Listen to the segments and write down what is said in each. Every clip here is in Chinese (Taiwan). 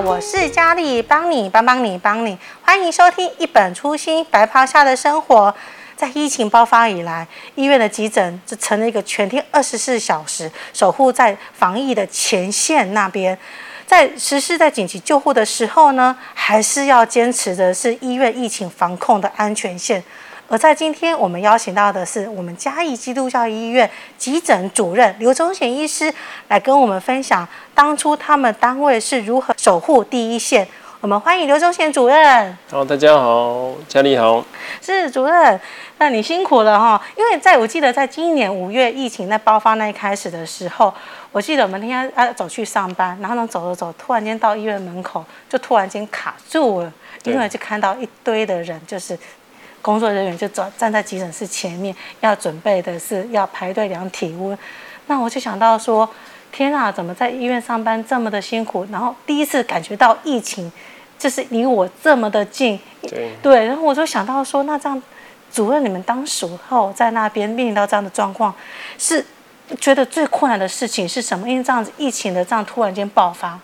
我是佳麗，幫你幫幫你幫你，歡迎收聽《一本初心白袍下的生活》。在疫情爆發以來，醫院的急診就成了一個全天二十四小時守護在防疫的前線那邊。在實施在緊急救護的時候呢，還是要堅持的是醫院疫情防控的安全線。而在今天我們邀請到的是我們嘉義基督教醫院急診主任劉中賢醫師，來跟我們分享當初他們單位是如何守護第一線。我們歡迎劉中賢主任。好、哦，大家好，嘉麗好。是主任，那你辛苦了哈、哦。因為在我記得在今年五月疫情的爆發那一開始的時候，我記得我們那天啊走去上班，然後呢走着走，突然間到醫院門口就突然間卡住了，因為就看到一堆的人就是。工作人員就站站在急診室前面，要準備的是要排隊量體溫。那我就想到說，天啊，怎麼在醫院上班這麼的辛苦？然後第一次感覺到疫情，就是離我這麼的近。對，對，然後我就想到說，那這樣，主任你們當時候在那邊面臨到這樣的狀況，是覺得最困難的事情是什麼？因為這樣子疫情的這樣突然間爆發。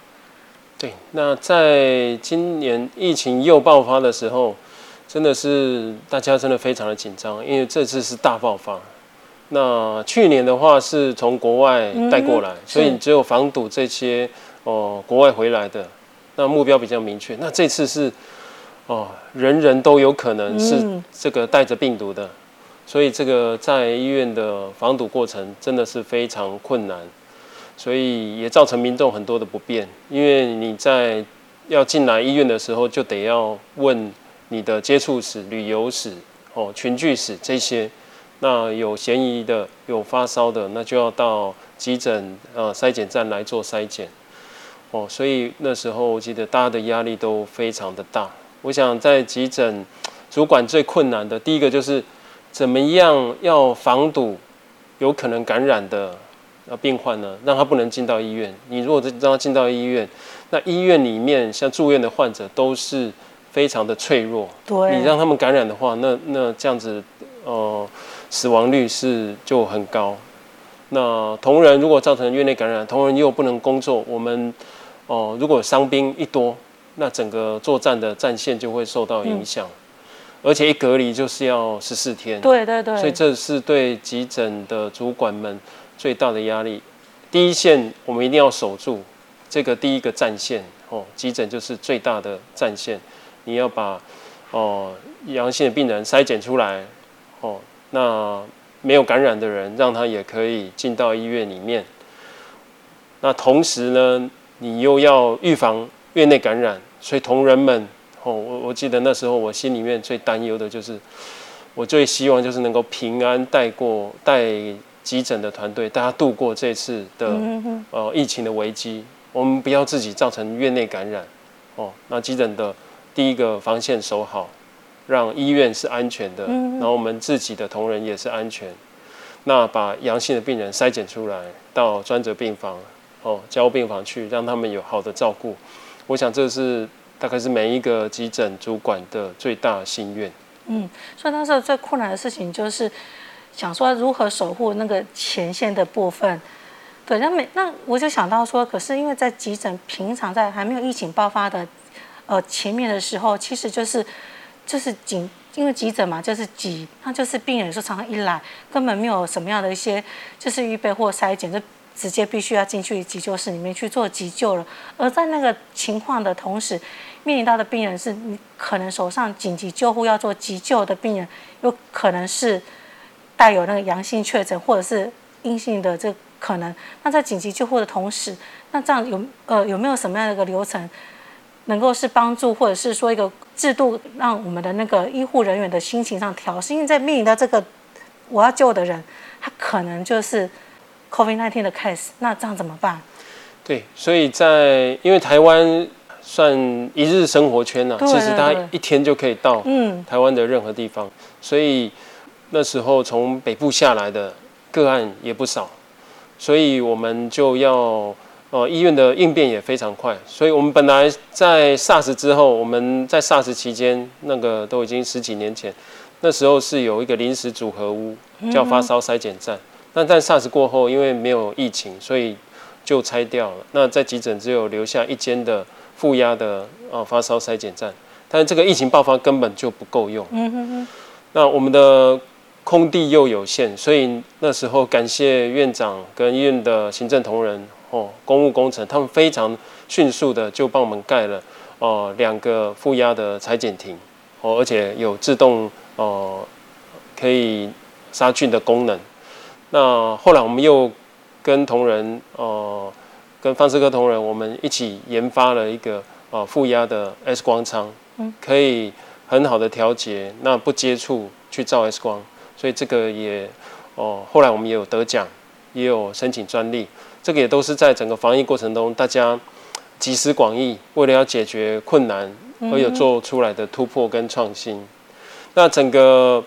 對，那在今年疫情又爆發的時候。真的是大家真的非常的緊張，因為這次是大爆發。那去年的話是從國外帶過來，嗯嗯，所以你只有防堵這些哦、呃，國外回來的，那目標比較明確。那這次是哦、呃，人人都有可能是這個帶着病毒的，嗯嗯，所以這個在醫院的防堵過程真的是非常困難，所以也造成民衆很多的不便。因爲你在要進來醫院的時候，就得要問。你的接觸史、旅遊史、哦、群聚史這些，那有嫌疑的、有發燒的，那就要到急診呃、篩檢站來做篩檢。哦，所以那時候我記得大家的壓力都非常的大。我想在急診主管最困難的，第一個就是怎麼樣要防堵有可能感染的病患呢？讓他不能進到醫院。你如果讓他進到醫院，那醫院裡面像住院的患者都是，非常的脆弱，對你讓他們感染的話，那那這樣子，呃，死亡率是就很高。那同仁如果造成院內感染，同仁又不能工作，我們哦、呃，如果傷兵一多，那整個作戰的戰線就會受到影響。嗯、而且一隔離就是要十四天，對對對，所以這是對急診的主管們最大的壓力。第一線我們一定要守住這個第一個戰線哦，急診就是最大的戰線。你要把哦陽性的病人篩檢出來，哦，那沒有感染的人讓他也可以進到醫院裡面。那同時呢，你又要預防院內感染，所以同仁們，哦，我我記得那時候我心裡面最擔憂的就是，我最希望就是能夠平安帶過帶急診的團隊，大家度過這次的呃疫情的危機，我們不要自己造成院內感染，哦，那急診的。第一個防線守好，讓醫院是安全的，然後我們自己的同仁也是安全。那把陽性的病人篩檢出來，到專責病房，哦，加護病房去，讓他們有好的照顧。我想這是大概是每一個急診主管的最大心願。嗯，所以那時候最困難的事情就是想說如何守護那個前線的部分。對，那每那我就想到說，可是因為在急診平常在還沒有疫情爆發的。呃，前面的時候其實就是就是緊，因為急診嘛，就是急，那就是病人說常常一來，根本沒有什麼樣的一些就是預備或篩檢，就直接必須要進去急救室裡面去做急救了。而在那個情況的同時，面臨到的病人是你可能手上緊急救護要做急救的病人，有可能是帶有那個陽性確診或者是陰性的這個可能。那在緊急救護的同時，那這樣有呃有沒有什麼樣的一個流程？能夠是幫助，或者是說一個制度，讓我們的那個醫護人員的心情上調適，是因為在面臨到這個我要救的人，他可能就是 COVID-19 的 case，那這樣怎麼辦？對，所以在因為台灣算一日生活圈啊，對對對，其實他一天就可以到台灣的任何地方，嗯、所以那時候從北部下來的個案也不少，所以我們就要。哦，醫院的應變也非常快，所以我們本來在 SARS 之後，我們在 SARS 期間，那個都已經十幾年前，那時候是有一個臨時組合屋，叫發燒篩檢站。但在 SARS 過後，因為沒有疫情，所以就拆掉了。那在急診只有留下一間的負壓的哦、呃、發燒篩檢站，但這個疫情爆發根本就不夠用。那我們的空地又有限，所以那時候感謝院長跟醫院的行政同仁。哦，工務工程，他們非常迅速的就幫我們蓋了哦兩、呃、個負壓的採檢亭，哦、呃、而且有自動哦、呃、可以殺菌的功能。那後來我們又跟同仁，哦、呃、跟放射科同仁，我們一起研發了一個哦負壓的 X 光艙，可以很好的調節，那不接觸去照 X 光，所以這個也哦、呃、後來我們也有得獎，也有申請專利。這個也都是在整個防疫過程中，大家集思廣益，為了要解決困難而有做出來的突破跟創新。嗯、哼那整個，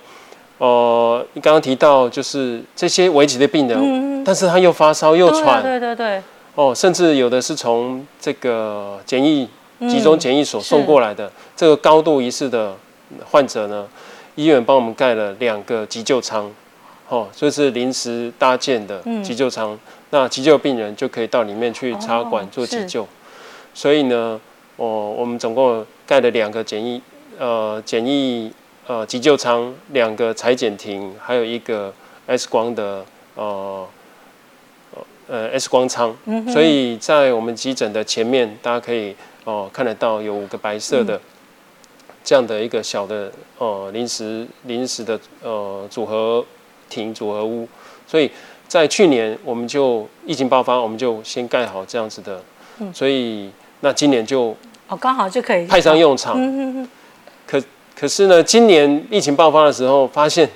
呃，你剛剛提到就是這些危急的病人，嗯、哼但是他又發燒又喘，對對，對對對。哦，甚至有的是從這個檢疫集中檢疫所送過來的、嗯、這個高度疑似的患者呢，醫院幫我們蓋了兩個急救艙，哦，就是臨時搭建的急救艙。嗯那急救病人就可以到裡面去插管做急救、哦，所以呢，哦、呃，我們總共蓋了兩個簡易呃簡易呃急救艙，兩個採檢亭，還有一個 X 光的呃呃 X 光艙，嗯、哼所以在我們急診的前面，大家可以哦、呃、看得到有五個白色的這樣的一個小的哦臨、呃、時臨時的呃組合亭組合屋，所以。在去年，我們就疫情爆發，我們就先蓋好這樣子的，所以那今年就哦剛好就可以派上用場，可可是呢，今年疫情爆發的時候，發現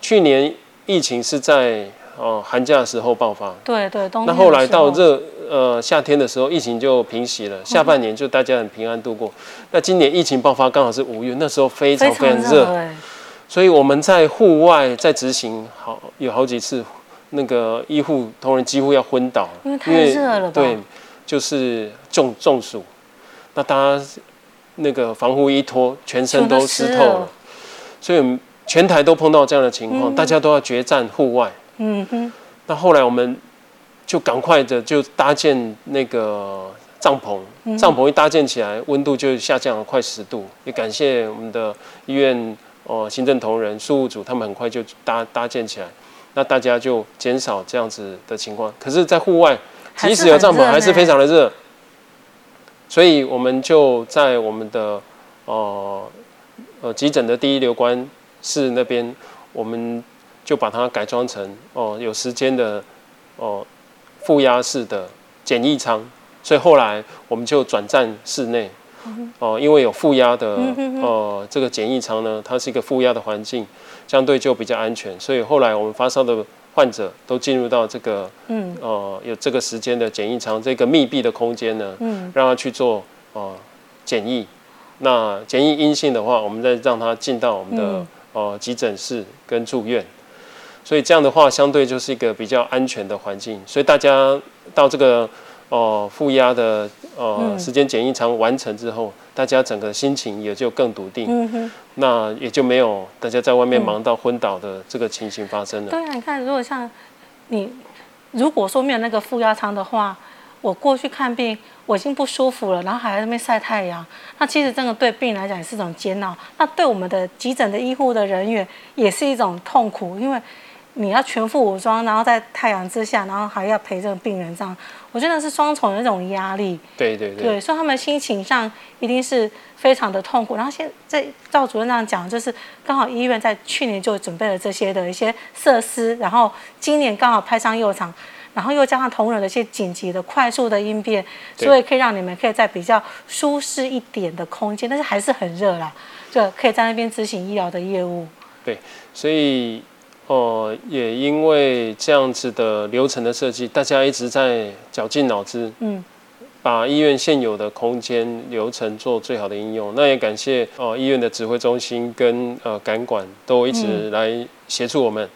去年疫情是在哦寒假的時候爆發，對對，那後來到熱呃夏天的時候，疫情就平息了，下半年就大家很平安度過。那今年疫情爆發剛好是五月，那時候非常非常熱，所以我們在戶外在執行好有好幾次。那個醫護同仁幾乎要昏倒，因為太熱了吧？對，就是中中暑。那大家那個防護一脫，全身都濕透了。了所以我們全台都碰到這樣的情況，嗯、大家都要決戰戶外。嗯哼。那後來我們就趕快的就搭建那個帳篷，帳篷一搭建起來，溫度就下降了快十度。也感謝我們的醫院哦、呃，行政同仁、事務組，他們很快就搭搭建起來。那大家就減少這樣子的情況，可是，在戶外，即使有帳篷，還是非常的熱。所以，我們就在我們的哦呃急診的第一留觀室那邊，我們就把它改裝成哦、呃、有時間的哦負壓式的簡易艙。所以後來我們就轉戰室內，哦、呃，因為有負壓的哦、呃、這個簡易艙呢，它是一個負壓的環境。相對就比較安全，所以後來我們發燒的患者都進入到這個，嗯，哦、呃，有這個時間的檢疫艙這個密閉的空間呢，嗯，讓他去做，哦、呃，檢疫。那檢疫陰性的話，我們再讓他進到我們的，哦、嗯呃，急診室跟住院。所以這樣的話，相對就是一個比較安全的環境。所以大家到這個，哦、呃，負壓的，呃，時間檢疫艙完成之後。嗯大家整個心情也就更篤定，嗯、哼那也就沒有大家在外面忙到昏倒的這個情形發生了，嗯嗯。對啊，你看，如果像你如果說沒有那個負壓艙的話，我過去看病我已經不舒服了，然後還在那邊曬太陽，那其實真的對病人來講也是一種煎熬，那對我們的急診的醫護的人員也是一種痛苦，因為。你要全副武裝，然後在太陽之下，然後還要陪着病人，這樣我覺得是雙重的那種壓力。對對對，對，所以他們心情上一定是非常的痛苦。然後現在趙主任這樣講，就是剛好醫院在去年就準備了這些的一些設施，然後今年剛好派上用場，然後又加上同仁的一些緊急的、快速的應變，所以可以讓你們可以在比較舒適一點的空間，對但是還是很熱啦，就可以在那邊執行醫療的業務。對，所以。哦、呃，也因為這樣子的流程的設計，大家一直在絞盡腦汁，嗯，把醫院現有的空間流程做最好的應用。那也感謝哦、呃，醫院的指揮中心跟呃，感管都一直來協助我們，嗯、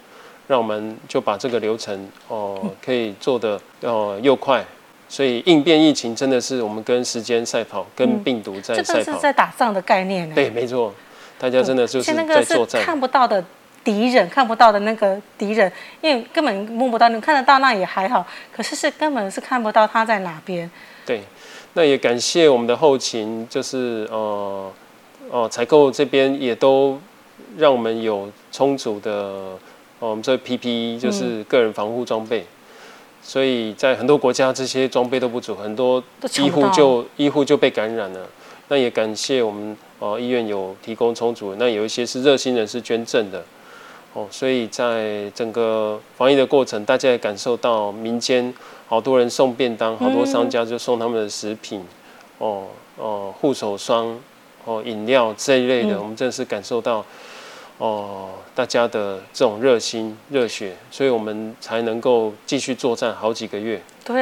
讓我們就把這個流程哦，呃嗯、可以做得哦、呃、又快。所以應變疫情真的是我們跟時間賽跑，跟病毒在賽跑，嗯、這個、是在打仗的概念呢。對，沒錯，大家真的就是在作戰，看不到的。敵人看不到的那個敵人，因為根本摸不到，你看得到那也還好，可是是根本是看不到他在哪邊。對，那也感謝我們的後勤，就是呃呃採購這邊也都讓我們有充足的，呃、我們這 PPE 就是個人防護裝備。嗯、所以在很多國家這些裝備都不足，很多醫護就醫護就被感染了。那也感謝我們呃醫院有提供充足的，那有一些是熱心人士捐贈的。哦，所以在整個防疫的過程，大家也感受到民間好多人送便當，好多商家就送他們的食品，哦哦，護手霜，哦飲料這一類的，嗯、我們真的是感受到哦大家的這種熱心熱血，所以我們才能夠繼續作戰好幾個月。對，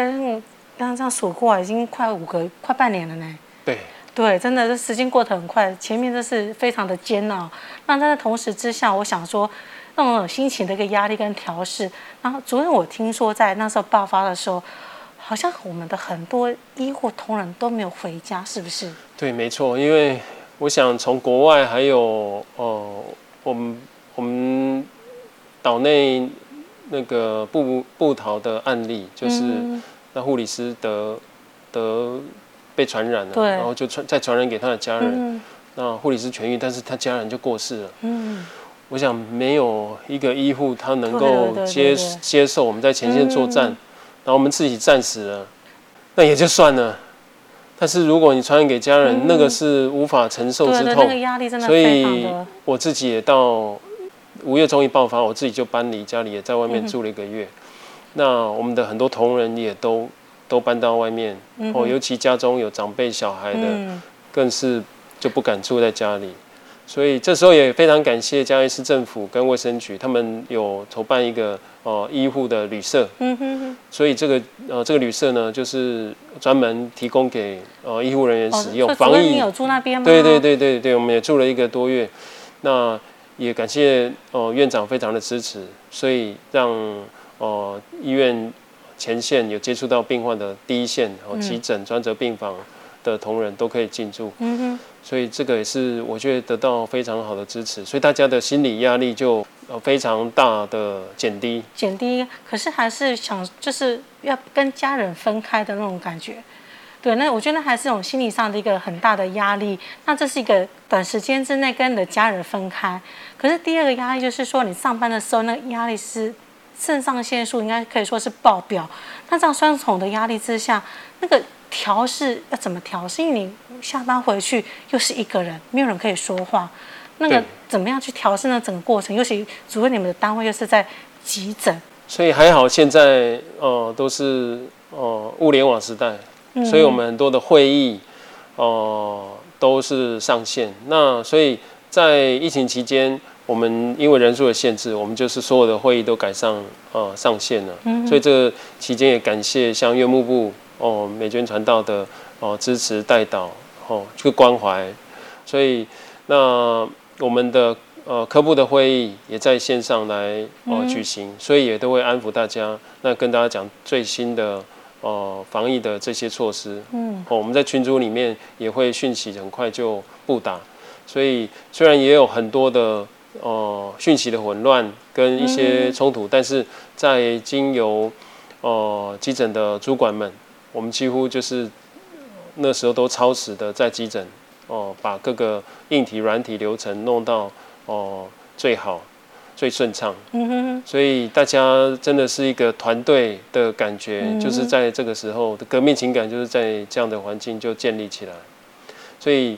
剛剛這樣數過，已經快五個，快半年了呢。對對，真的這時間過得很快，前面真是非常的煎熬，那但在同時之下，我想說。那種心情的一個壓力跟調適，然後主任，我聽說在那時候爆發的時候，好像我們的很多醫護同仁都沒有回家，是不是？對，沒錯，因為我想從國外還有哦、呃，我們我們島內那個部、部桃的案例，就是那護理師得、嗯、得被傳染了，對然後就傳再傳染給他的家人，嗯、那護理師痊癒，但是他家人就過世了。嗯。我想沒有一個醫護他能夠接接受，我們在前線作戰，然後我們自己戰死了，那也就算了。但是如果你傳染給家人，那個是無法承受之痛。所以我自己也到五月終於爆發，我自己就搬離家裡，也在外面住了一個月。那我們的很多同仁也都都搬到外面，哦，尤其家中有長輩小孩的，更是就不敢住在家裡。所以這時候也非常感謝嘉義市政府跟衛生局，他們有籌辦一個哦、呃、醫護的旅社。嗯、哼哼，所以這個呃這個旅社呢，就是專門提供給哦、呃、醫護人員使用，哦、防疫。有住那邊嗎？對對對對對，我們也住了一個多月。那也感謝哦、呃、院長非常的支持，所以讓哦、呃、醫院前線有接觸到病患的第一線，然、呃、後急診專責病房。嗯的同仁都可以進駐，嗯哼，所以這個也是我覺得得到非常好的支持，所以大家的心理壓力就呃非常大的減低，減低。可是還是想就是要跟家人分開的那種感覺，對，那我覺得那還是種心理上的一個很大的壓力。那這是一個短時間之內跟你的家人分開，可是第二個壓力就是說你上班的時候那個壓力是腎上腺素應該可以說是爆表。那這樣雙重的壓力之下，那個。調適要怎麼調適？因為你下班回去又是一個人，沒有人可以說話。那個怎麼樣去調適呢？整個過程？對尤其，主要你們的單位又是在急診。所以還好，現在哦、呃、都是哦、呃、物聯網時代，嗯、所以我們很多的會議哦、呃、都是上線。那所以在疫情期間，我們因為人數的限制，我們就是所有的會議都改上呃上線了。嗯、所以這個期間也感謝像院務部。哦，美軍傳道的哦、呃、支持代禱哦去關懷，所以那我們的呃科部的會議也在線上來哦、呃、舉行，嗯、所以也都會安撫大家，那跟大家講最新的哦、呃、防疫的這些措施，嗯，哦我們在群組裡面也會訊息很快就佈達，所以雖然也有很多的哦訊、呃、息的混亂跟一些衝突，嗯嗯但是在經由呃急診的主管們。我們幾乎就是那時候都超時的在急診，哦，把各個硬體、軟體流程弄到，哦，最好、最順暢。嗯、哼所以大家真的是一個團隊的感覺，嗯、哼就是在這個時候的革命情感，就是在這樣的環境就建立起來。所以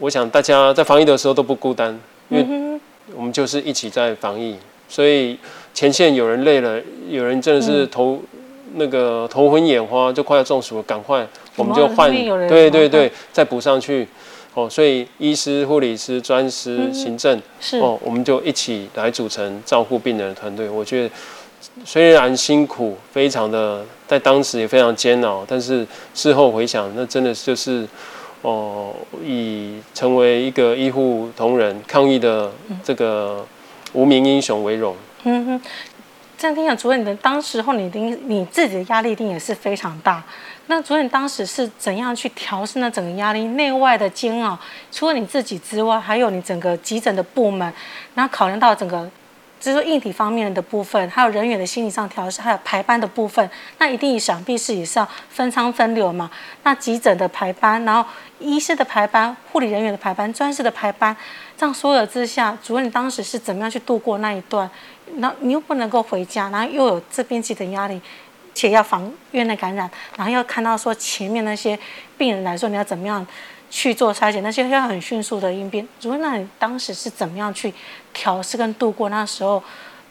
我想大家在防疫的時候都不孤單，因為我們就是一起在防疫。所以前線有人累了，有人真的是頭。嗯那個頭昏眼花，就快要中暑了，趕快，我們就換，對對對，再補上去。哦，所以醫師、護理師、專師、行政，嗯、是哦，我們就一起來組成照顧病人的團隊。我覺得雖然辛苦，非常的在當時也非常煎熬，但是事後回想，那真的就是哦，以成為一個醫護同仁抗疫的這個無名英雄為榮。嗯哼。這樣聽講，主任的當時候你，你定你自己的壓力一定也是非常大。那主任當時是怎樣去調適那整個壓力內外的煎熬，除了你自己之外，還有你整個急診的部門，那考量到整個。就是說，硬體方面的部分，還有人員的心理上調適，還有排班的部分，那一定想必是也是要分艙分流嘛。那急診的排班，然後醫師的排班，護理人員的排班，專師的排班，這樣所有之下，主任你當時是怎麼樣去度過那一段？那你又不能夠回家，然後又有這邊急診壓力，且要防院內感染，然後要看到說前面那些病人來說，你要怎麼樣？去做篩檢，那些要很迅速的應變。主任，那你當時是怎麼樣去調適跟度過那時候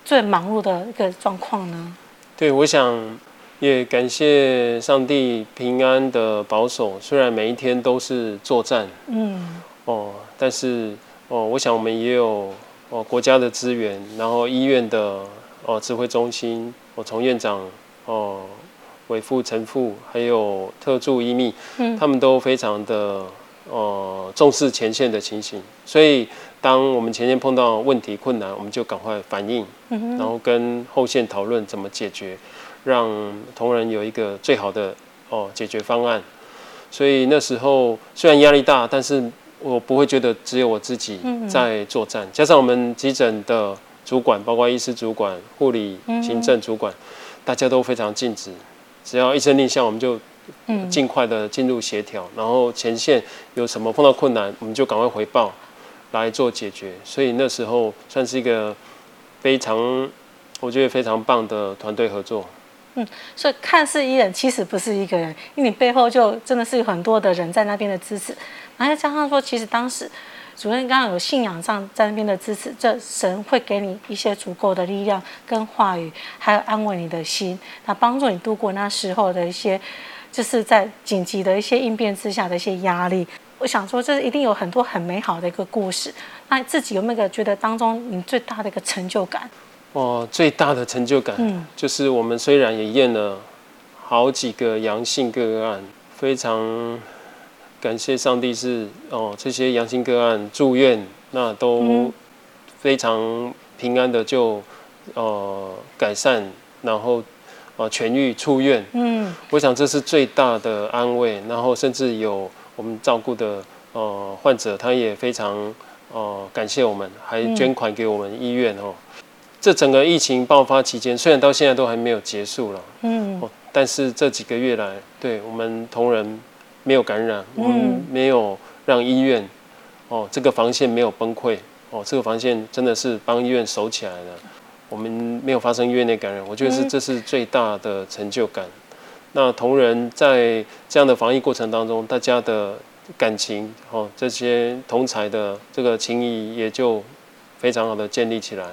最忙碌的一個狀況呢？對，我想也感謝上帝平安的保守，雖然每一天都是作戰，嗯，哦，但是哦，我想我們也有哦國家的資源，然後醫院的哦指揮中心，我、哦、從院長哦委副、陳副，還有特助醫秘，嗯，他們都非常的。哦、呃，重視前線的情形，所以當我們前線碰到問題困難，我們就趕快反應，然後跟後線討論怎麼解決，讓同仁有一個最好的哦、呃、解決方案。所以那時候雖然壓力大，但是我不會覺得只有我自己在作戰，加上我們急診的主管，包括醫師主管、護理、行政主管，大家都非常盡職，只要一聲令下，我們就。嗯，盡快的進入協調，然後前線有什麼碰到困難，我們就趕快回報來做解決。所以那時候算是一個非常，我覺得非常棒的團隊合作。嗯，所以看似一人，其實不是一個人，因為你背後就真的是有很多的人在那邊的支持。然後再加上說，其實當時主任剛剛有信仰上在那邊的支持，這神會給你一些足夠的力量、跟話語，還有安慰你的心，那幫助你度過那時候的一些。就是在緊急的一些應變之下的一些壓力，我想說，這一定有很多很美好的一個故事。那你自己有沒有覺得當中你最大的一個成就感？哦，最大的成就感，嗯，就是我們雖然也驗了好幾個陽性個案，非常感謝上帝是哦，這些陽性個案住院，那都非常平安的就哦、呃，改善，然後。啊，痊癒出院，嗯，我想這是最大的安慰。然後，甚至有我們照顧的呃患者，他也非常呃感謝我們，還捐款給我們醫院哦、嗯喔。這整個疫情爆發期間，雖然到現在都還沒有結束了，嗯、喔，但是這幾個月來，對我們同仁沒有感染，嗯、我們沒有讓醫院哦、喔、這個防線沒有崩潰，哦、喔，這個防線真的是幫醫院守起來了。我們沒有發生院內感染，我覺得是這是最大的成就感。嗯、那同仁在這樣的防疫過程當中，大家的感情哦，這些同儕的這個情誼也就非常好的建立起來。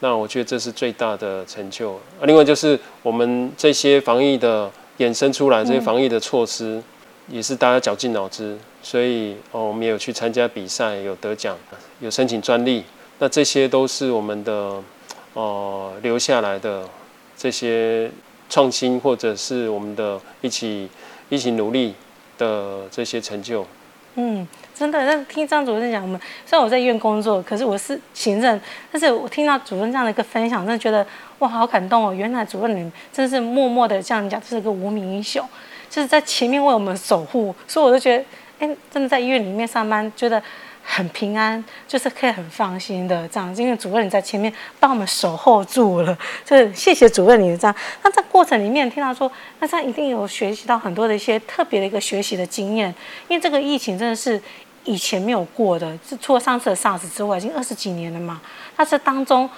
那我覺得這是最大的成就。啊，另外就是我們這些防疫的衍生出來、嗯、這些防疫的措施，也是大家絞盡腦汁。所以哦，我們也有去參加比賽，有得獎，有申請專利。那這些都是我們的。哦、呃，留下來的這些創新，或者是我們的一起一起努力的這些成就。嗯，真的，但是聽張主任講，我們雖然我在醫院工作，可是我是行政，但是我聽到主任這樣的一個分享，我真的覺得哇，好感動哦！原來主任你真的是默默的這樣講，講就是一個無名英雄，就是在前面為我們守護。所以我就覺得，哎、欸，真的在醫院裡面上班，覺得。很平安，就是可以很放心的這樣，因為主任你在前面幫我們守候住了，就是謝謝主任你的這樣。那在過程裡面，聽到說，那他一定有學習到很多的一些特別的一個學習的經驗，因為這個疫情真的是以前沒有過的，是除了上次的 SARS 之外，已經二十幾年了嘛。那這當中，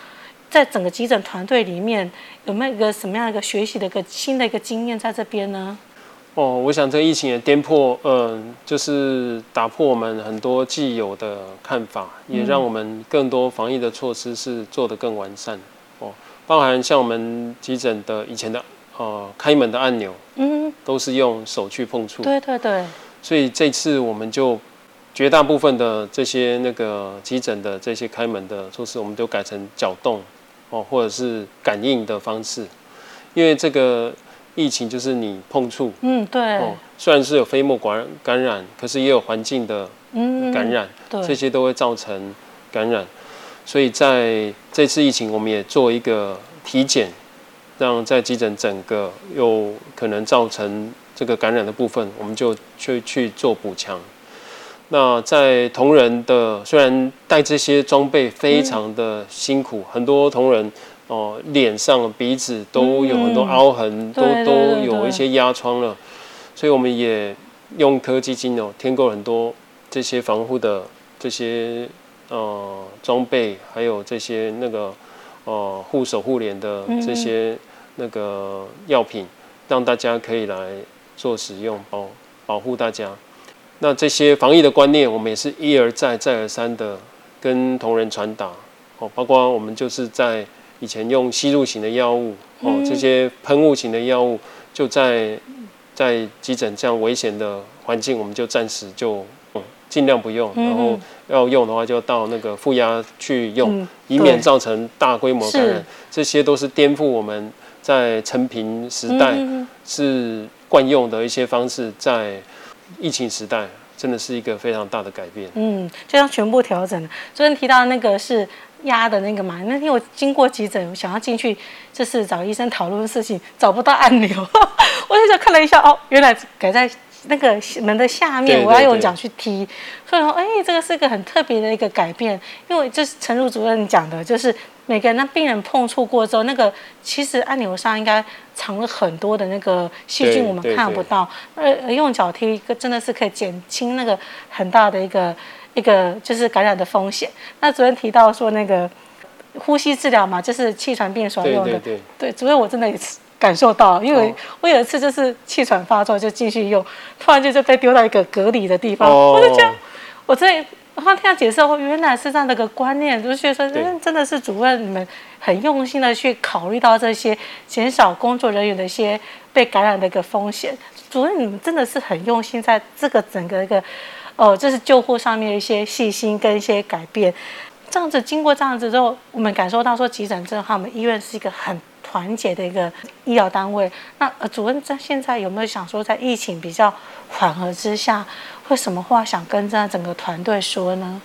在整個急診團隊裡面，有沒有一個什麼樣的一個學習的一個新的一個經驗在這邊呢？哦，我想這個疫情也顛破，嗯、呃，就是打破我們很多既有的看法，也讓我們更多防疫的措施是做得更完善。哦，包含像我們急診的以前的哦、呃、開門的按鈕，嗯，都是用手去碰觸，嗯、對對對。所以這次我們就絕大部分的這些那個急診的這些開門的措施，我們都改成腳動，哦，或者是感應的方式，因為這個。疫情就是你碰觸，嗯對，雖然是有飛沫感染，感染，可是也有環境的感染，嗯、這些都會造成感染。所以在這次疫情，我們也做一個體檢，讓在急診整個有可能造成這個感染的部分，我們就去去做補強。那在同仁的，雖然戴這些裝備非常的辛苦，嗯、很多同仁。哦，臉上、鼻子都有很多凹痕，嗯、都對對對對都有一些壓瘡了，所以我們也用科技、金哦，添購很多這些防護的這些呃裝備，還有這些那個呃護手護臉的這些那個藥品，嗯嗯讓大家可以來做使用，保保護大家。那這些防疫的觀念，我們也是一而再、再而三的跟同仁傳達，哦，包括我們就是在。以前用吸入型的藥物，哦，這些噴霧型的藥物，就在、嗯、在急診這樣危險的環境，我們就暫時就盡量不用。然後要用的話，就到那個負壓去用，嗯、以免造成大規模感染。是這些都是顛覆我們在承平時代、嗯、是慣用的一些方式，在疫情時代真的是一個非常大的改變。嗯，就要全部調整。昨天提到那個是。壓的那個嘛，那天我經過急診，我想要進去，就是找醫生討論事情，找不到按鈕，我就想看了一下，哦，原來改在那個門的下面，對對對，我要用腳去踢，所以說，哎、欸，這個是一個很特別的一個改變，因為就是陳如主任講的，就是每個那病人碰觸過之後，那個其實按鈕上應該藏了很多的那個細菌，我們看不到，呃，用腳踢一個，真的是可以減輕那個很大的一個。一個就是感染的風險。那主任提到說，那個呼吸治療嘛，就是氣喘病所用的。對對對。對，主任，我真的也是感受到，因為我有一次就是氣喘發作，就繼續用，突然間就被丟到一個隔離的地方。哦。我就這樣，我在，然後聽他解釋，哦，原來是這樣的一個觀念，就是說，嗯，真的是主任你們很用心的去考慮到這些，減少工作人員的一些被感染的一個風險。主任，你們真的是很用心，在這個整個一個。哦，這是救護上面的一些細心跟一些改變，這樣子經過這樣子之後，我們感受到說急診真的，我們醫院是一個很團結的一個醫療單位。那呃，主任在現在有沒有想說，在疫情比較緩和之下，會什麼話想跟這整個團隊說呢？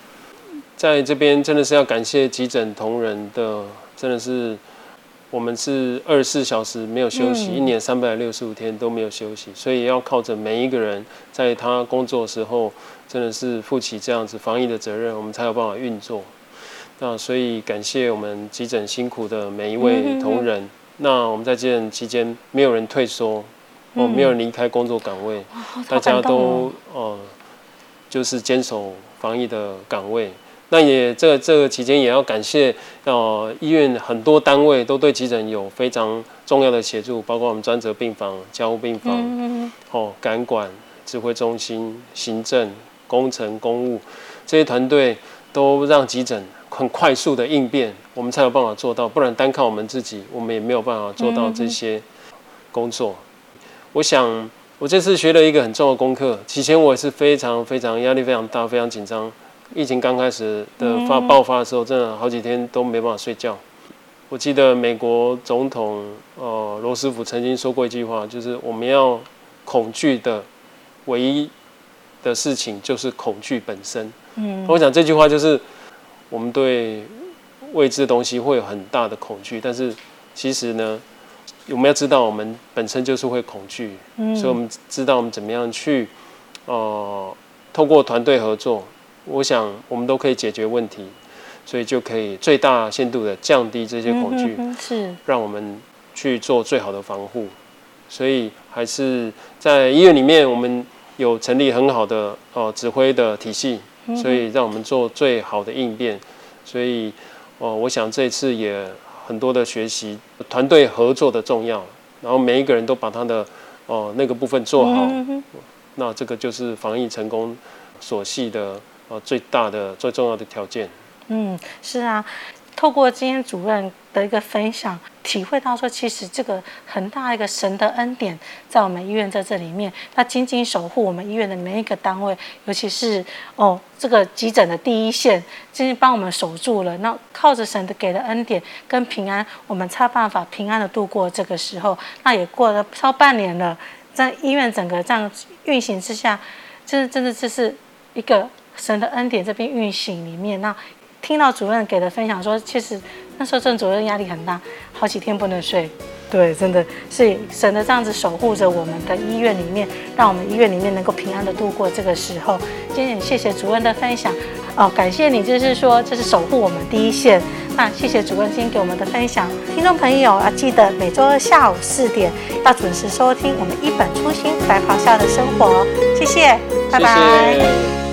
在這邊真的是要感謝急診同仁的，真的是。我們是二十四小時沒有休息，嗯、一年三百六十五天都沒有休息，所以要靠着每一個人在他工作的時候，真的是負起這樣子防疫的責任，我們才有辦法運作。那所以感謝我們急診辛苦的每一位同仁。嗯嗯嗯、那我們在急診期間、嗯哦，沒有人退縮，哦，沒有人離開工作崗位，大家都呃，就是堅守防疫的崗位。那也這個、這個期間也要感謝，呃，醫院很多單位都對急診有非常重要的協助，包括我們專責病房、加護病房、嗯嗯、哦，感管、指揮中心、行政、工程、公務這些團隊，都讓急診很快速的應變，我們才有辦法做到，不然單靠我們自己，我們也沒有辦法做到這些工作。嗯嗯、我想，我這次學了一個很重要的功課，之前我也是非常非常壓力非常大，非常緊張。疫情剛開始的發爆發的時候，真的好幾天都沒辦法睡覺。我記得美國總統呃羅斯福曾經說過一句話，就是我們要恐懼的唯一的事情就是恐懼本身。嗯，我想這句話就是我們對未知的東西會有很大的恐懼，但是其實呢，我們要知道我們本身就是會恐懼，所以我們知道我們怎麼樣去呃透過團隊合作。我想我們都可以解決問題，所以就可以最大限度的降低這些恐懼，嗯，是讓我們去做最好的防護。所以還是在醫院裡面，我們有成立很好的哦、呃、指揮的體系，所以讓我們做最好的應變。所以哦、呃，我想這次也很多的學習團隊合作的重要，然後每一個人都把他的哦、呃、那個部分做好，嗯、呵呵那這個就是防疫成功所繫的。哦，最大的、最重要的條件。嗯，是啊。透過今天主任的一個分享，體會到說，其實這個很大一個神的恩典，在我們醫院在這裡面，他緊緊守護我們醫院的每一個單位，尤其是哦，這個急診的第一線，真是幫我們守住了。那靠着神的給的恩典跟平安，我們差辦法平安的度過這個時候。那也過了超半年了，在醫院整個這樣運行之下，就是、真的真的這是一個。神的恩典這邊運行裡面，那聽到主任給的分享說，其實那時候鄭主任壓力很大，好幾天不能睡。對，真的是神的這樣子守護着我們的醫院裡面，讓我們醫院裡面能夠平安的度過這個時候。今天也謝謝主任的分享，哦，感謝你，就是說這、就是守護我們第一線。那謝謝主任今天給我們的分享，聽眾朋友啊，記得每週二下午四點要準時收聽我們一本初心白袍下的生活、哦。謝謝，拜拜。謝謝